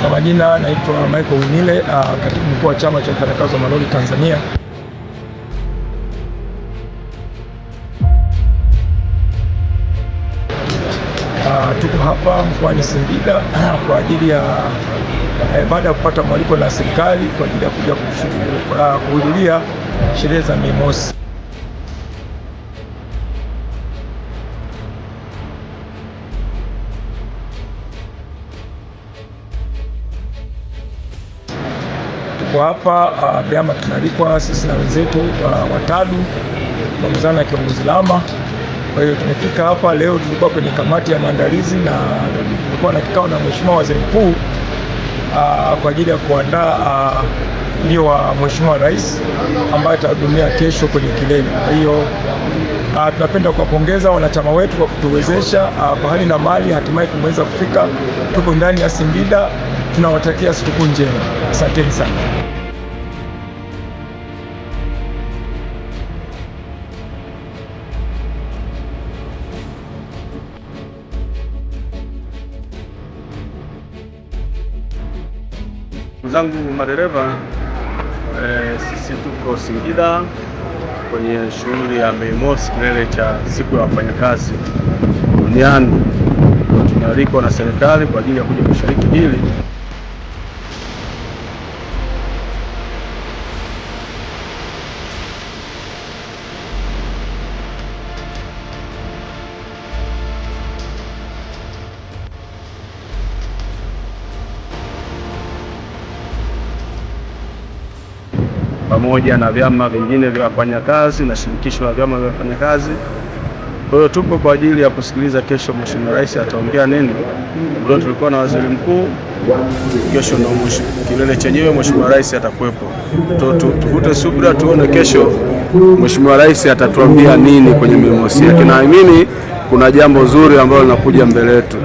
Kwa majina naitwa Michael Winile, ah, katibu mkuu wa chama cha wafanyakazi wa malori Tanzania. Uh, tuko hapa mkoani Singida ah, kwa ajili ya uh, baada ya kupata mwaliko na serikali kwa ajili ya kuja kuhudhuria sherehe za Mei Mosi. tuko hapa uh, ah, vyama tunaalikwa sisi na wenzetu uh, watadu kuongozana na kiongozi Lama. Kwa hiyo tumefika hapa leo, tulikuwa kwenye kamati ya maandalizi na tulikuwa na kikao na mheshimiwa waziri mkuu uh, kwa ajili ya kuandaa uh, ndio wa mheshimiwa rais ambaye atahudumia kesho kwenye kilele. Kwa hiyo uh, tunapenda kuwapongeza wanachama wetu kwa kutuwezesha uh, kwa hali na mali hatimaye kumeweza kufika. tuko ndani ya Singida, tunawatakia sikukuu njema. Asanteni sana. zangu madereva e, sisi tuko Singida kwenye shughuli ya Mei Mosi, kilele cha siku ya wafanyakazi duniani. Tunaalikwa na serikali kwa ajili ya kuja kushiriki hili pamoja na vyama vingine vya wafanyakazi na shirikisho la vyama vya wafanyakazi. Kwa hiyo tupo kwa ajili ya kusikiliza kesho Mheshimiwa Rais ataongea nini. Leo tulikuwa na waziri mkuu, kesho ndio mwisho kilele chenyewe, Mheshimiwa Rais atakuwepo. Tuvute subira, tuone kesho Mheshimiwa Rais atatuambia nini kwenye mimosi yake, naamini kuna jambo zuri ambalo linakuja mbele yetu.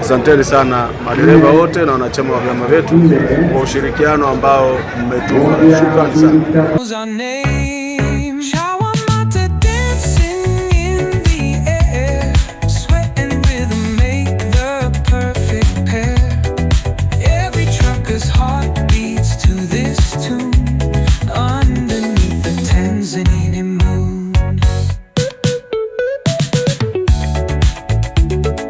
Asanteni sana madereva mm. wote na wanachama wa vyama vyetu kwa ushirikiano ambao mmetupa. Shukrani sana.